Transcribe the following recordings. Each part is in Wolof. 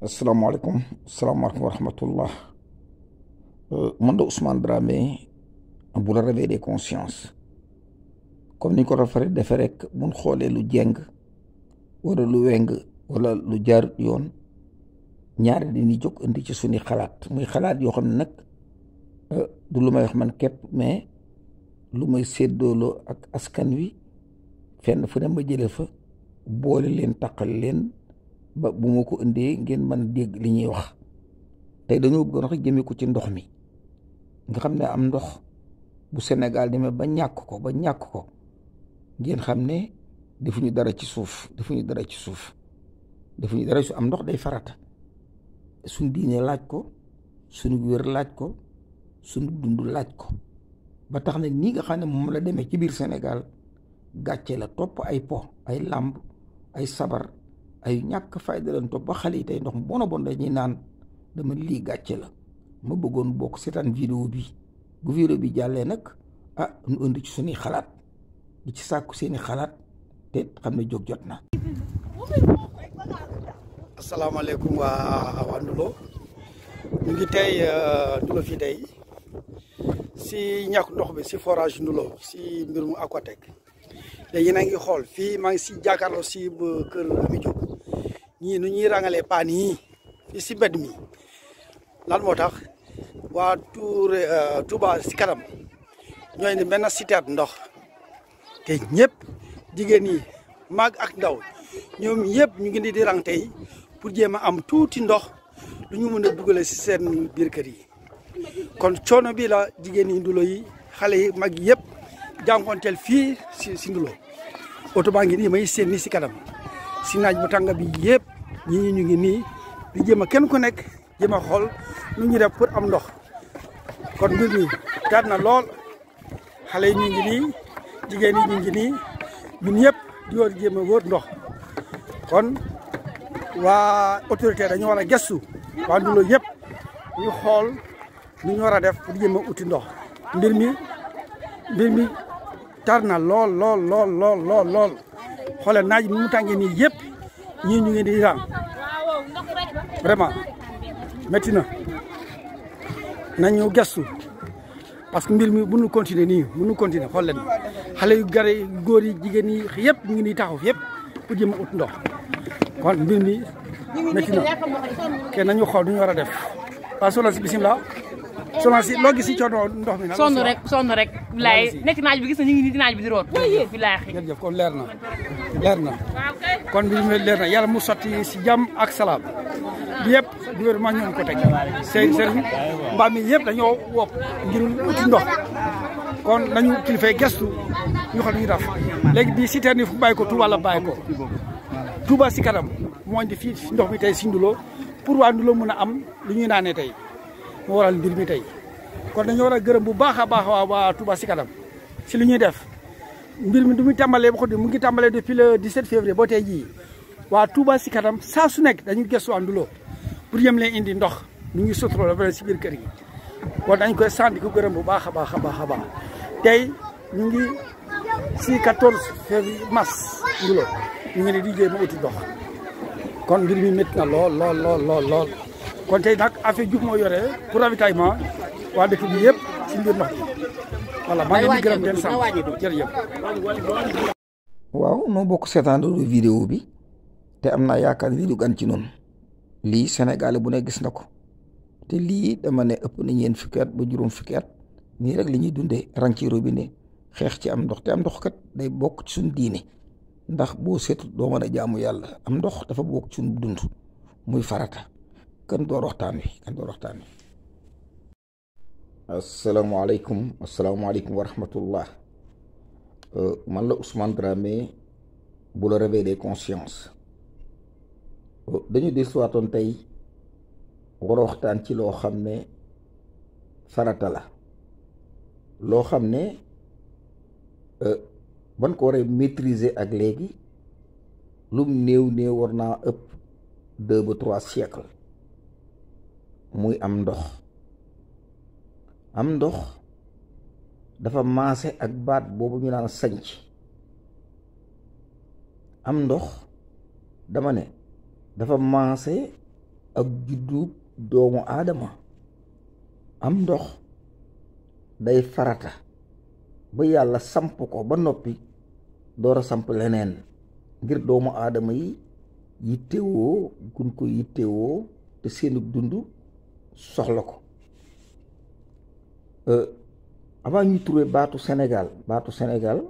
asalaamaaleykum asalaamaaleykum wa rahmatullah euh, mën da Ousmane Dramé bu la de conscience comme niñ ko rafare defe rek mun xoolee lu jeng wala lu weng wala lu jaar yoon ñaari dañuy jóg indi ci suñu xalaat muy xalaat yoo xam ne nag euh, du lu may wax man képp mais lu may séddooloo ak askan wi fenn fu ne ma jële fa boole leen taqal leen ba bu ma ko indee ngeen mën a dégg li ñuy wax tey dañoo bëggoon a jëmee ko ci ndox mi nga xam ne am ndox bu Sénégal demee ba ñàkk ko ba ñàkk ko ngeen xam ne defuñu dara ci suuf defuñu dara ci suuf defuñu dara su am ndox day farata suñ diine laaj ko suñu wér laaj ko suñu dund laaj ko ba tax na nii nga xam ne moom la demee ci biir Sénégal gàcce la topp ay po ay làmb ay sabar ay ñàkk fayda leen ba xale yi tey ndox mu bon a dañuy naan dama lii gàcce la ma bëggoon bokk seetaan vidéo bi bu vidéo bi jàllee nag ah nu indi ci suñuy xalaat di ci sàkku seeni xalaat te xam ne jóg jot na asalaamaaleykum waa waa Ndoulo ñu ngi tey euh, Ndoulo fii tey si ñàkk ndox bi si forage Ndoulo si mbirum Aquatech te yéen ngi xool fii maa ngi si jàkkaarloo si kër Ami Diop ñii nu ñuy rangalee paan yi si mbedd mi lan moo tax waa Touré euh, si kanam ñooy ne benn citerne ndox te ñëpp jigéen yi mag ak ndaw ñoom yëpp ñu ngi di rang tey pour jéem a am tuuti ndox lu ñu mën a dugale si seen biir kër yi kon coono bi la jigéen yi ndulo yi xale yi mag yëpp jànkoonteel fii si Sinduloo oto baa ngi nii may seen nii si kanam si naaj bu tàng bi yëpp ñi ñu ngi nii di jéem a kenn ku nekk jéem a xool nu ñu def pour am ndox kon mbir mi gaat na lool xale yi ñu ngi nii jigéen yi ñu nii ñun ñëpp di war jéem a wër ndox kon waa autorité dañu war a gestu waa Ndoulo yépp ñu xool nu ñu war a def pour jéem a uti ndox mbir mi mbir mi tar na lool lool lool lool lool lool xoolal naaj bi mu tàngee nii yëpp ñii ñu ngi di raam vraiment métti na nañu gestu parce que mbir mi bu ñu continuer nii bu ñu continuer xool leen xale yu gare góor yi jigéen yi yëpp ñu ngi nii taxaw yëpp pour jëm ut ndox kon mbir mi métti kenn nañu xool du ñu war a def waa Sonas bisimilah. semence yi loo gis si coono ndox mi nag. sonn rek sonn rek. nekk naaj bi gis na ñu ngi nii naaj bi di root. wallaahi jërëjëf kon leer na leer na kon bi mu leer na yàlla mu sotti si jàmm ak salaam yëpp gouvernement ñoom ko teg seen mbaam mi yëpp dañoo wopp ngir uti ndox kon nañu kilifay gestu ñu xam ne ñu daf léegi bii si teen yi fu bàyyi ko Touba la bàyyi ko Touba si kanam moo indi fii ndox mi tey si Ndoulo pour waa Ndoulo mën a am lu ñuy naanee tey. mu waral mbir mi tey kon dañu war a gërëm bu baax a baax waa waa Touba si kanam si lu ñuy def mbir mi du muy tàmbalee ba mu ngi tàmbalee depuis le 17 février boo tey jii waa Touba si kanam saa su nekk dañu gëstu ànduloo pour yëm leen indi ndox mu ngi suturoo ba si biir kër gi kon dañ koy sant di ko gërëm bu baax a baax a a baax tey ñu ngi si 14 février mars ndulo ñu ngi ne di jéem a uti ndox kon mbir mi métti na lool lool lool kon tey nag affaire Diouf moo yore pour ravitaillement waa dëkk bi yëpp waaw noo bokk seetaandu vidéo bi te am naa yaakaar ni du gan ci noonu lii Sénégal bu ne gis na ko te lii dama ëpp na ñeen fukki at ba juróom fukki at rek li ñuy dundee rang ci robinet xeex ci am ndox te am ndox kat day bokk suñ suñu diine ndax boo seetu doo mën a jaamu yàlla am ndox dafa bokk suñ suñu dund muy farata. kan door waxtaan wi kan door waxtaan wi asalaamaaleykum asalaamaaleykum wa rahmatullah euh, man la Ousmane Dramé bu la réveil des consciences euh, dañu di suwaatoon tey war waxtaan ci loo xam ne farata la loo xam ne euh, ban ko waree maîtriser ak léegi lum néew néew war naa ëpp deux ba trois siècles muy am ndox am ndox dafa maase ak baat boobu ñu naan sanc am ndox dama ne dafa maase ak juddu doomu aadama am ndox day farata ba yàlla samp ko ba noppi door a samp leneen ngir doomu aadama yi yittewoo gun ko yittewoo te seenu dund soxla ko euh, avant ñuy trouver baatu Sénégal baatu senegaal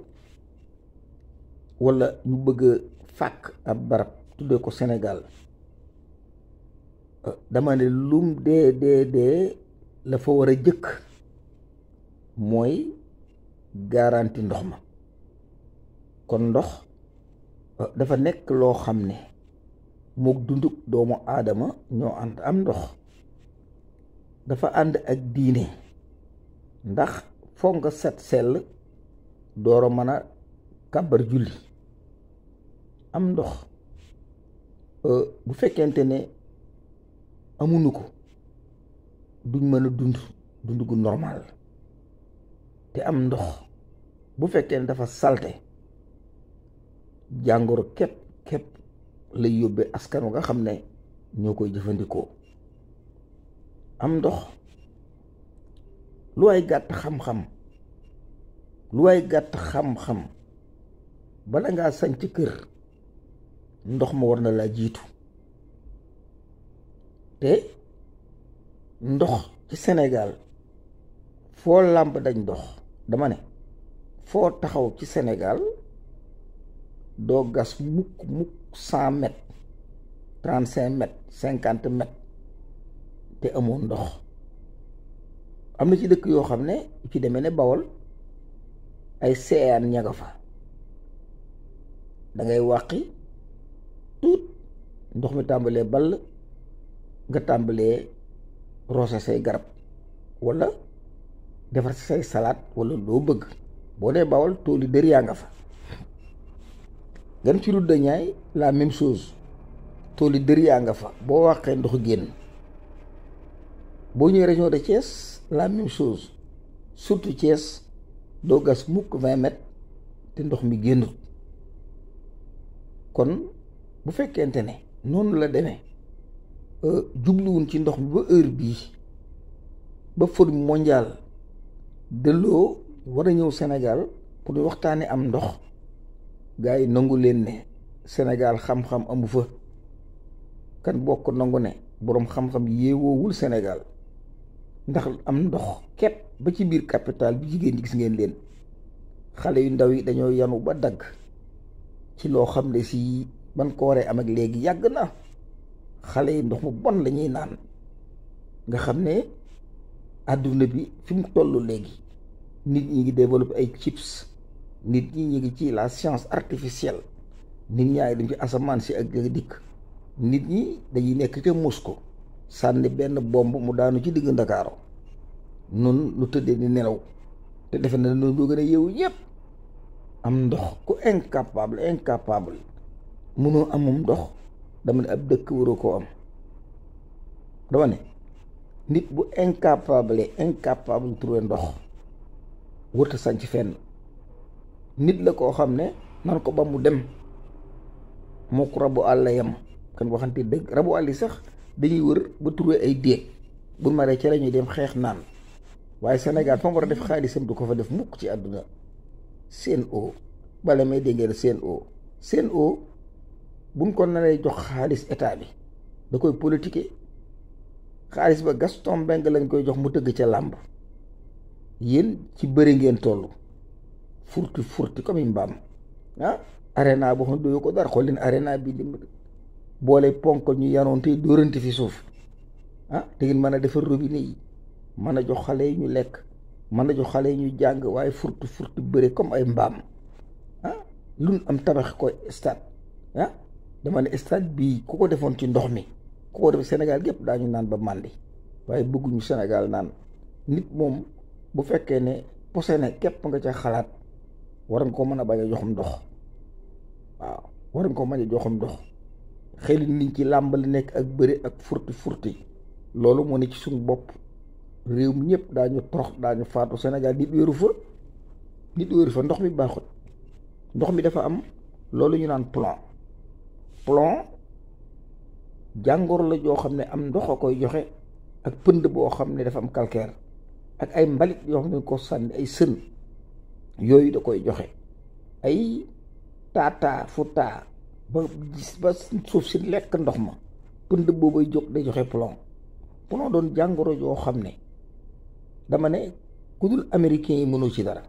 wala ñu bëgg a fàkk ab barab tuddee ko senegaal euh, dama ne lum dee dee dee la fa war a jëkk mooy gaaranti ndox ma kon ndox euh, dafa nekk loo xam ne mook dunduk doomu aadama ñoo ànd am ndox dafa ànd ak diine ndax foog nga set sell door a mën a kàbbar julli am ndox euh, bu fekkente ne amuñu ko duñ mën a dund dund gu normal te am ndox bu fekkee ne dafa salte jàngoro képp képp lay yóbbee askan wa nga xam ne ñoo koy jëfandikoo am ndox lu waay gàtt xam-xam lu waay gàtt xam-xam bala ngaa sanc kër ndox ma war na laa jiitu te ndox ci Sénégal foo làmb dañ ndox dama ne foo taxaw ci Sénégal doo gas mukk mukk cent mètres trente cinq mètres cinquante mètres te amoon ndox am na ci dëkk yoo xam ne ci demee ne Bawol ay seyaan ña fa da ngay wàqi tuut ndox mi tàmbalee bal nga tàmbalee roose say garab walla defar say salaat wala loo bëgg boo dee Bawol tool yi dër yaa nga fa dem ci rudda ñaay la même chose tool yi dër yaa nga fa boo wàqee ndox génn boo ñëwee région de Thiès la même chose surtout Thiès doo gas mukk vingt te ndox mi génn kon bu fekkente ne noonu la deme euh, jubluwun ci ndox mi ba heure bii ba forum mondial delloo war a ñëw senegal pour di waxtaane am ndox gars yi nangu leen ne senegal xam-xam amu fa kan bokk nangu ne boroom xam-xam yéewoowul Sénégal ndax am ndox képp ba ci biir capital bi jigéen ñi gis ngeen leen xale yu ndaw yi dañoo yanu ba dagg ci loo xam ne si man ko waree am ak léegi yàgg na xale yi ndox mu bon la ñuy naan nga xam ne àdduna bi fi mu toll léegi nit ñi ngi développé ay chips nit ñi ñu ngi ci la science artificielle nit ñaa ngi dem ci asamaan si ak dikk nit ñi dañuy nekk ca ko sànni benn bomb mu daanu ci digg ndakaaru nun lu tëddee di nelaw te defe na noonu ñoo gën a yeewu ñëpp am ndox ku incapable incapable munoo amum ndox dama ne ab dëkk waroo koo am dama nit bu incapable incapable trouver ndox wërta sanc fenn nit la koo xam ne nan ko ba mu dem moo ko rabu àll yam kan waxante dëgg rabu àll yi sax dañuy wër ba trouvé ay déeg bu maree ca la ñuy dem xeex naan waaye Sénégal fa mu war a def xaalisam du ko fa def mukk ci àdduna seen o bala may dégg la o CNO buñ ko naree jox xaalis état bi da koy politiquer xaalis ba Gaston Mbengue lañ koy jox mu tëgg ca làmb yéen ci bëri ngeen toll furti furti comme mbaam ah arena boo xam ne ko dara xool leen arena bi dimbali boole ponk ñu yanoonte dóorante fi suuf ah di ngeen mën a defar robinet yi mën a jox xale yi ñu lekk mën a jox xale yi ñu jàng waaye furtu furtu bëre comme ay mbaam ah luñ am tabax koy stade ah dama ne stade bii ku ko defoon ci ndox mi ku ko def Sénégal gépp ñu naan ba màndi waaye bëgguñu Sénégal naan nit moom bu fekkee ne posene képp nga ca xalaat war nga ko mën a bañ a joxum ndox waaw war nga ko mën a joxum ndox xel nit ci làmbali nekk ak bëri ak furti furti loolu moo ne ci suñu bopp réew mi ñëpp daañu torox daañu faatu senegal nit wéeru fa nit wéeru fa ndox mi baaxut ndox mi dafa am loolu ñu naan plomb plomb jàngoor la joo xam ne am ndox a koy joxe ak pënd boo xam ne dafa am calcaire ak ay mbalit yoo xam ne ko sànni ay sën yooyu da koy joxe ay taataa fu taa ba gis ba suuf si lekk ndox ma pënd boobay jóg day joxe plomb plomb doon jàngoro joo xam ne dama ne ku dul yi mënoo ci dara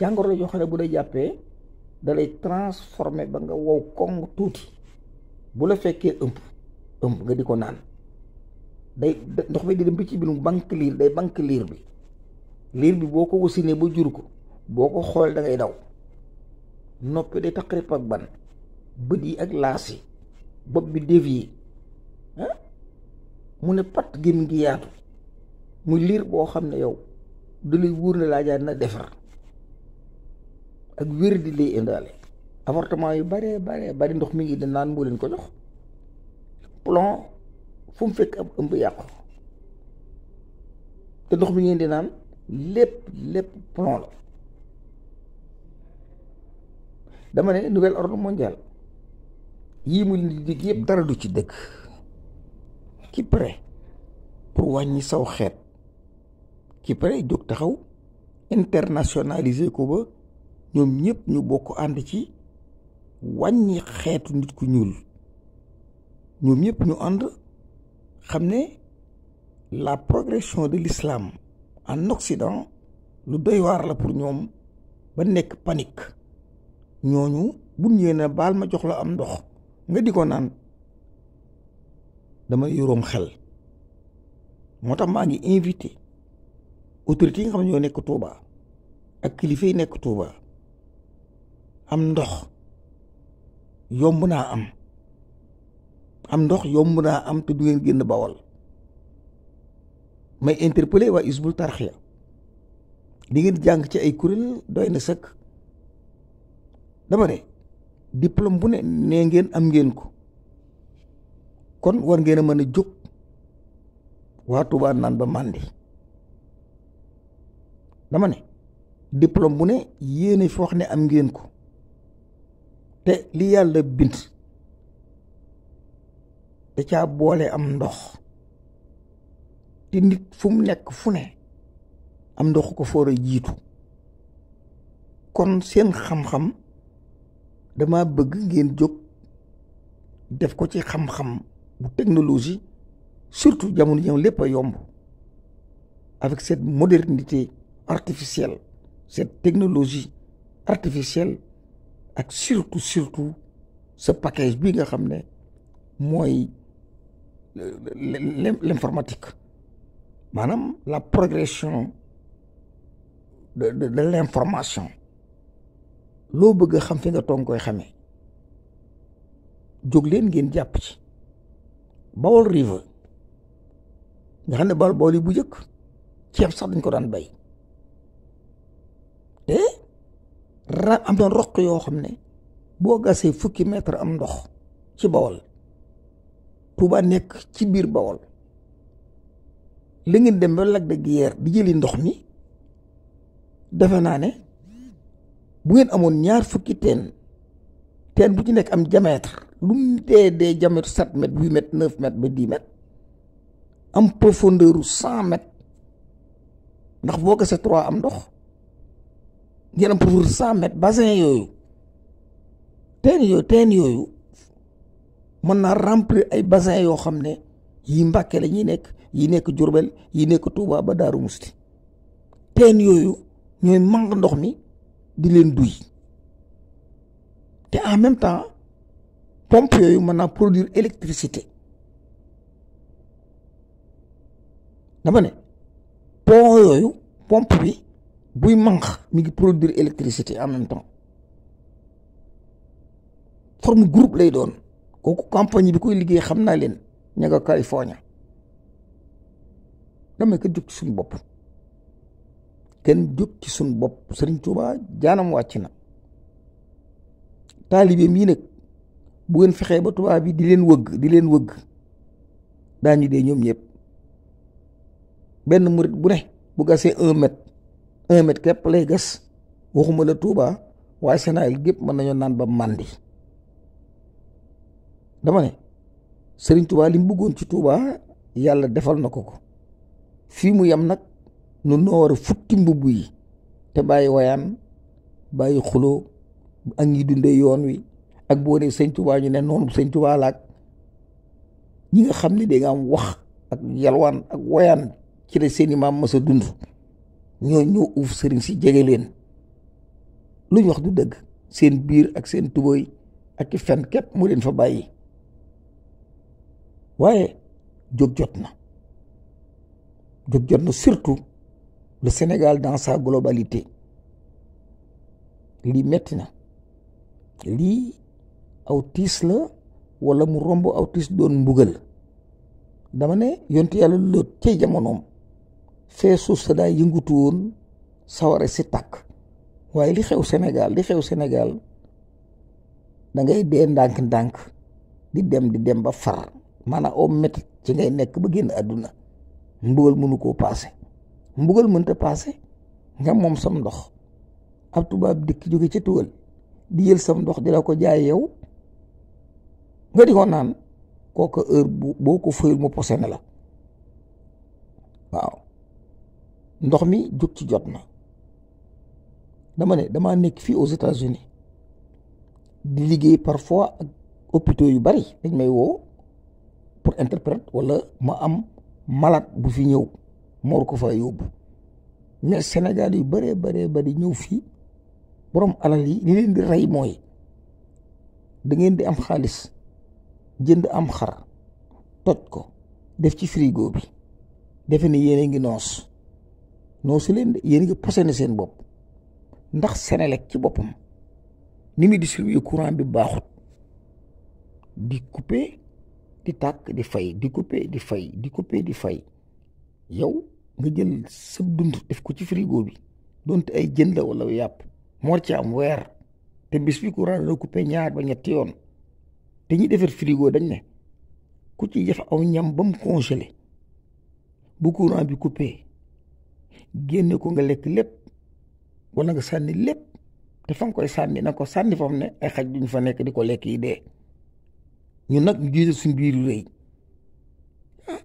jàngoro joo xam ne bu day jàppee dalay transformé ba nga wow kong tuuti bu la fekkee ëmb ëmb nga di ko naan day ndox mi di dem bi ci biir banque liir day banque liir bi liir bi boo ko wasinee ba jur ko boo ko xool da daw noppi day taqarib ak ban bët yi ak laas yi bopp bi déf yi mu ne pat gémmiñ ngi yaatu mu liir boo xam ne yow du lay wóor ne laa na defar ak wér di lay indaale appartement yu bare bare bari ndox mi ngi di naan moo ko jox plomb fu mu fekk ab ëmb yàqu te ndox mi ngeen di naan lépp lépp plomb la dama ne nouvel ordre mondial yii mu di dégg yëpp dara du ci dëkk ki pare pour wàññi saw xeet ki pare jóg taxaw internationaliser ko ba ñoom ñëpp ñu bokk ànd ci wàññi xeetu nit ku ñuul ñoom ñëpp ñu ànd xam ne la progression de l'islam en Occident lu doy waar la pour ñoom ba nekk panik ñooñu bu ñëwee ne baal ma jox la am ndox nga di ko naan dama yoroom xel moo tax maa ngi invité autorité yi nga xam ne ñoo nekk Touba ak kilifa yi nekk Touba am ndox yomb naa am am ndox yomb naa am te du ngeen génn bawal may interpellé waa Hizbut ya di ngeen jàng ci ay kuréel doy na sëkk dama ne diplôme bu ne nee ngeen am ngeen ko kon war ngeen a mën a jóg waa Touba naan ba màndi dama ne diplôme bu ne yéen a wax ne am ngeen ko te li yàlla bind te caa boole am ndox te nit fu nekk fu ne am ndoxu ko foor a jiitu kon seen xam-xam dama bëgg ngeen jóg def ko ci xam-xam bu technologie surtout jamono jëm lépp a yomb avec cette modernité artificielle cette technologie artificielle ak surtout surtout ce package bi nga xam ne mooy le l'informatique maanaam la progression de de, de l'information loo bëgg a xam fi nga toog koy xamee jóg leen ngeen jàpp ci Bawol River nga xam ne Bawol Bawol yi bu njëkk ceeb sax dañ ko daan bay te ra am na roq yoo xam ne boo gasee fukki mètre am ndox ci Bawol Tuuba nekk ci biir Bawol li ngeen dem ba Lac de Guiers di jëli ndox mi defe naa ne bu ngeen amoon ñaar fukki teen teen bu ci nekk am diamètre lu mu dee dee diamètre sept mètres huit mètres neuf mètres ba dix mètres am profondeur u cent mètres ndax boo gasee trois am ndox ngeen am profondeur cent mètres bassin yooyu teen yooyu teen yooyu mën naa remplir ay bassin yoo xam ne yi Mbàkke la ñuy nekk yi nekk Jurbel yi nekk Tuubaa ba Daaru Musti teen yooyu ñooy manque ndox mi di leen duy te en même temps pompe yooyu mën naa produire électricité dama ne pont yooyu bi buy manq mi ngi produire électricité en même temps forme groupe lay doon kooku compagnie bi koy liggéey xam naa leen ña nga California damay ko jóg ci suñu bopp kenn jóg ci suñ bopp sëriñ Tuuba jaanam wàcc na taalibeem yi nag bu ngeen fexee ba tubaab bi di leen wëgg di leen wëgg daañu dee ñoom ñëpp benn murit bu ne bu gasee un mètre un mètre képp lay gas waxuma la Tuuba waaye Sénégal gépp mën nañoo naan ba màndi dama ne sëriñ Tuuba lim mu bëggoon ci Tuuba yàlla defal na ko ko fii mu yem nag nun noo war a futti mbubb yi te bàyyi wayaan bàyyi xuloo ak ñi dundee yoon wi ak boo dee sëñ tubaa ñu ne noonu sëñ tubaa laag ñi nga xam ni da nga am wax ak yalwaan ak woyaan ci la seeni maam mës a dund ñoo ñoo uuf sëriñ si jege leen lu ñu wax du dëgg seen biir ak seen tubooy ak i fen képp mu leen fa bàyyi waaye jóg jot na jóg jot na surtout le Sénégal dans sa globalité lii metti na lii aw tiis la walla mu romb aw tiis doon mbugal dama ne yontu yàlla loot ci jamonoom fee suuf sa daa yëngutu woon saware si tàkk waaye li xew Sénégal li xew Sénégal dangay ngay dee ndànk-ndànk di dem di dem ba far maanaa oo métti ci ngay nekk ba génn àdduna mbugal mënu koo paase mbugal mënta paase nga moom sam ndox ab tubaab dikk jóge ca di jël sam ndox di la ko jaay yow nga di ko naan kooka heure bu boo ko fayul mu posé na la waaw ndox mi jóg ci jot na dama ne dama nekk fii aux États-Unis di liggéey parfois ak hôpitaux yu bari dañ may woo pour interprète wala ma am malaat bu fi ñëw moo ko fa yóbbu mais Sénégal yu bëree bëree bëri ñëw fii borom alal yi li leen di rey mooy da ngeen di am xaalis jënd am xar toj ko def ci frigo bi defe ne yéen a ngi noos noosu leen de yéen a ngi posone seen bopp ndax Sénélec ci boppam ni muy distribuer courant bi baaxut di couper di tàkk di fay di couper di fay di couper di fay yow nga jël sëb dund def ko ci frigo bi donte ay jën la wala yàpp moo ci am weer te bis bi courant la coupé ñaar ba ñetti yoon te ñi defar frigo dañ ne ku ci def aw ñam ba mu congelé bu courant bi coupé génne ko nga lekk lépp wala nga sànni lépp te fa nga koy sànni na ko sànni foofu ne ay xaj duñ fa nekk di ko lekk yi de ñun nag ñu jiite suñ biiru rëy ah,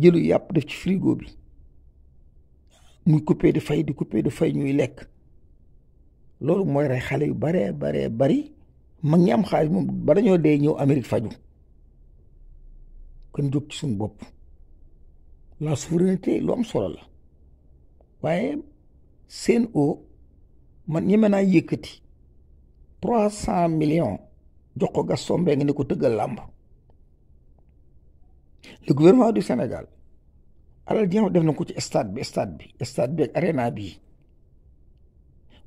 jëlu yàpp def ci frigo bi muy coupé di fay di coupé di fay ñuy lekk loolu mooy rey xale yu baree baree bari mag ñi am xaalis moom ba dañoo dee ñëw Amérique faju kon jóg ci suñu bopp la souveraineté lu am solo la waaye seen o man ñeme naa yëkkati trois cent million jox ko Gaston Mbengue nga ne ko tëggal làmb le gouvernement du senegal alal ji nga def na ko ci stade bi stade bi stade bi ak arena bii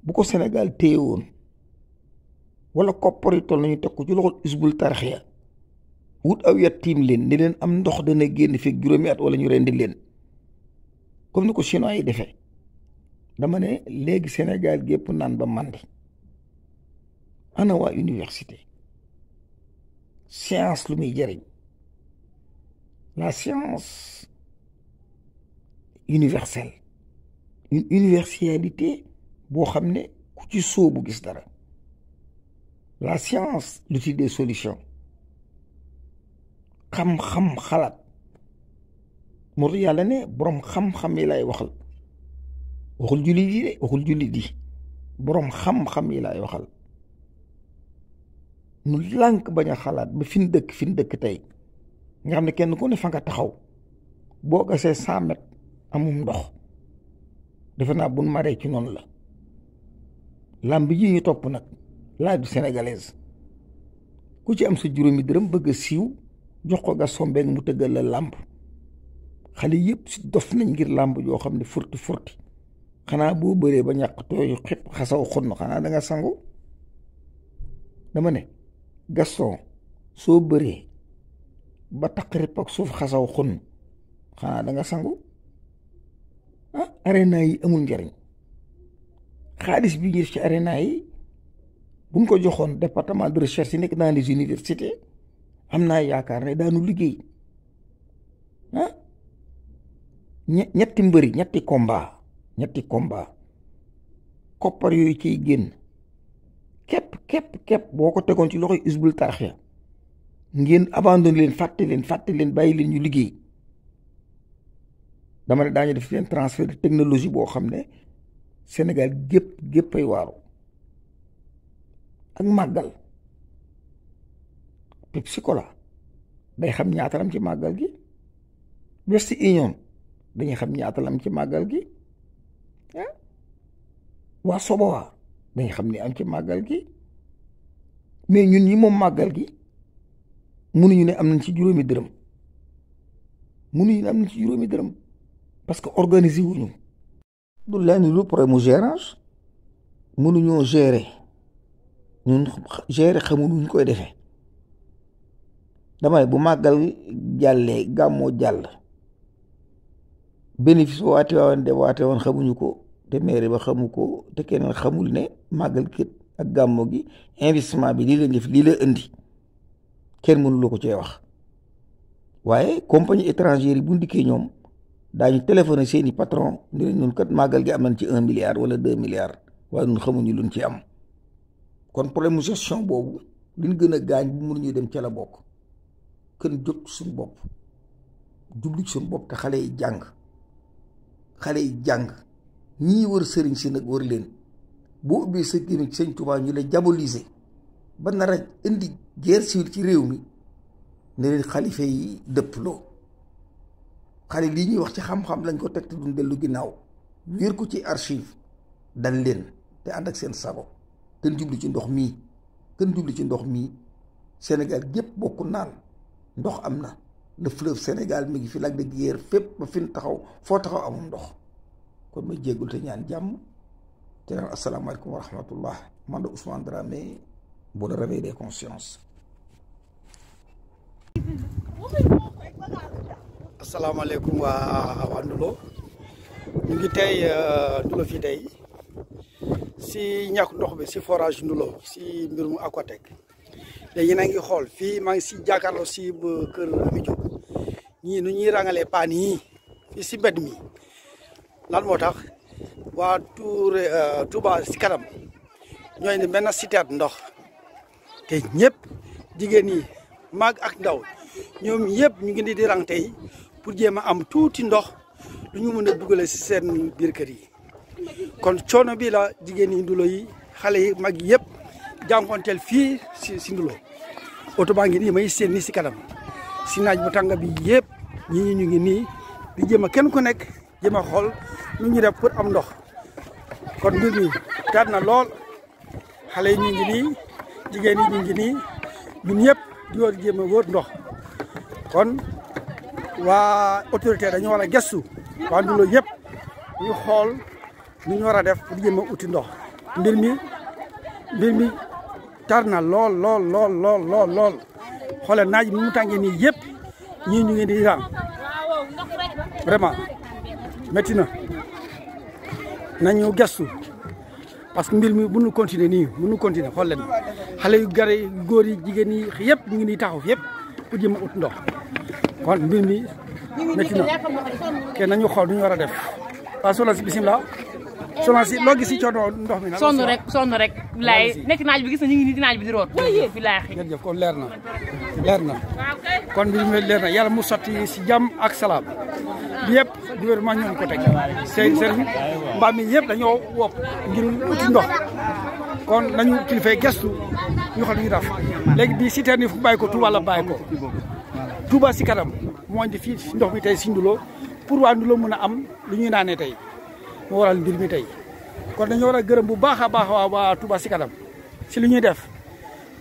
bu ko Sénégal téye woon wala koppar yi toll nañu teg ko ci loxol usbul tarxiya wut aw yat tiim leen ni leen am ndox dana génn fekk juróomi at wala ñu rendi leen comme ni ko chinois yi defee dama ne léegi Sénégal gépp naan ba mandi ana waa université science lu muy jëriñ la science universelle une universalité boo xam ne ku ci sóobu gis dara la science l'outil des solution xam-xam xalaat moo tax yàlla ne boroom xam-xam yi lay waxal waxul jullit yi de waxul jullit yi boroom xam-xam yi laay waxal nu lànk bañ a xalaat ba fin dëkk fin dëkk tey nga xam ne kenn ku ne fa nga taxaw boo gasee cent mètres amum ndox defe naa buñ maree ci noonu la làmb ji ngi topp nag laaj bi ku ci am sa juróomi dërëm bëgg a siiw jox ko Gaston Mbengue mu tëggal la làmb xale yëpp si dof nañ ngir làmb joo xam ne furti furti xanaa boo bëree ba ñàkk tooy xib xasaw xonn xanaa danga nga dama ne Gaston soo bëree ba taq ripp xasaw xonn xanaa da sangu ah arena yi amul njariñ xaalis bi ngir ci arena yi buñ ko joxoon département de recherche yi nekk dans les universités am naa yaakaar ne daanu liggéey ah ñetti mbëri ñetti komba ñetti komba koppar yooyu ciy génn képp képp képp boo ko tegoon ci loxo isbul tarxiya ngeen abandonné leen fàtte leen fàtte leen bàyyi leen ñu liggéey dama ne daañu def seen transfert de technologie boo xam ne Sénégal gépp géppay waaru ak màggal Pepsicola day xam ñaata la ci màggal gi West dañuy xam ñaata la ci màggal gi ah waa Sobowa dañ xam ni am ci màggal gi mais ñun ñi moom màggal gi mënuñu ne am nañ ci juróomi dërëm mënuñu ne am na ci juróomi dërëm. parce que organiser wuñu du lenn lu problème mu gérance mënuñoo gérer ñun gérer xamul ñu koy defee dama bu màggal jàllee gàmmoo jàll bénéfice bu waate waawoon de waate woon xamuñu ko te maire ba xamu ko te keneen xamul ne màggal két ak gàmmo gi investissement bi lii la def lii la indi kenn mënu la ko cee wax waaye compagnie étrangère yi bu ndikkee ñoom daañu téléphoné seen i patron ni leen ñun kat màggal gi am nañ ci un milliard wala deux milliards waaye ñun xamuñu luñ ci am kon problème mu gestion boobu liñ gën a gaañ bu ñuy dem ca la bokk kën jóg suñu bopp jublu suñu bopp te xale yi jàng xale yi jàng ñii wër sëriñ si nag wër leen boo ubbee sa génn sëñ Tuubaa ñu la diaboliser ba nar a indi guerre civile ci réew mi ne leen xalife yi dëpp loo xarit lii ñuy wax ci xam-xam lañ ko teg te duñ dellu ginnaaw wéer ko ci archive dal leen te ànd ak seen sabo gën jublu ci ndox mii gën jublu ci ndox mii Sénégal gépp bokk naan ndox am na le fleuve Sénégal mi ngi fi Lac de Guiers fépp ba fin taxaw foo taxaw amul ndox kon ma jéggul te ñaan jàmm te naan asalaamaaleykum wa rahmatullah man da Ousmane Dramé bu la réveil des consciences asalaamaaleykum waa waa Ndulo ñu ngi tey euh, Ndulo fii tey si ñàkk ndox bi si forage Ndulo si mbirum Aquatech léegi na ngi xool fii maa ngi si jàkkaarloo si kër Ami Diop ñii nu ñuy raŋale paan yi si mbed mi lan moo tax waa Tour euh, Touba si kanam ñooy ne benn cité ndox te ñépp jigéen ñi mag ak ndaw ñoom yëpp ñu ngi di rang tey pour jéem a am tuuti ndox lu ñu mën a dugale si seen biir kër yi kon coono bi la jigéen yi ndulo yi xale yi mag yépp jànkoonteel fii si si ndulo oto baa ngi nii may seen ni si kanam si naaj bu tàng bi yëpp ñii ñu ngi nii di jéem a kenn ku nekk jéem a xool nu ñu def pour am ndox kon mbir taat na lool xale yi ñu ngi nii jigéen yi ngi nii ñun ñëpp di war jéem a wóor ndox kon waa autorité dañu war a gestu waa ndulo yëpp ñu xool ñu ñu war a def di jëm uti ndox mbir mi mbir mi tar na lool lool lool lool lool lool xoole naaj mi mu tàngee nii yëpp ñii ñu ngi di raam vraiment métti na nañu gestu parce que mbir mi mënu continuer nii nu continuer xool leen xale yu gare góor yi jigéen yi yëpp ñu ngi ni taxaw yëpp pour jëm a ut ndox kon mbir mi métti na kenn nañu xool duñu ñu war a def waaw soxna si bisimilah. soxna si loo gi si coono ndox mi. sonn rek sonn rek. bilaay nekk naaj bi gis na ñu ngi nii naaj bi di root. bilaay jërëjëf kon leer na leer na kon mbir mi leer na yàlla mu sotti si jàmm ak salaam bi yëpp gouvernement ñoom ko teg seen mbaam mi yëpp dañoo wok ngir ndox kon nañu kilifay gestu ñu xam ñu daf léegi bii citerne yi fu bàyyi ko Touba la bàyyi ko. Touba si kanam moo indi fii ndox mi tey si Ndoulo pour waa Ndoulo mën a am lu ñuy naanee tey moo waral mbir mi tey kon dañoo war a gërëm bu baax a baax waa waa si kanam si lu ñuy def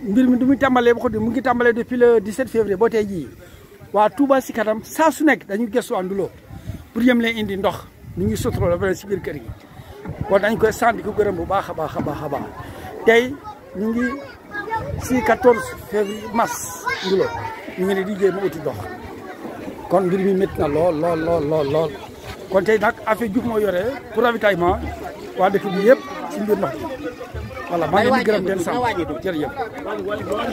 mbir mi du muy tàmbalee ba ko mu ngi tàmbalee depuis le 17 février boo tey jii waa Touba si kanam saa su nekk dañu gëstu waa Ndoulo pour yem leen indi ndox ñu ngi sutura ba si biir kër gi kon dañ koy sant di ko gërëm bu baax a baax a a baax tey ñu ngi si 14 ñu ngi ne di jéem a uti dox kon mbir mi métti na lool lool lool lool lool kon tey nag affaire jub moo yore pour ravitaillement waa dëkk bi yëpp ci mbir ndox mi voilà leen di gërëm den sant jërëjëf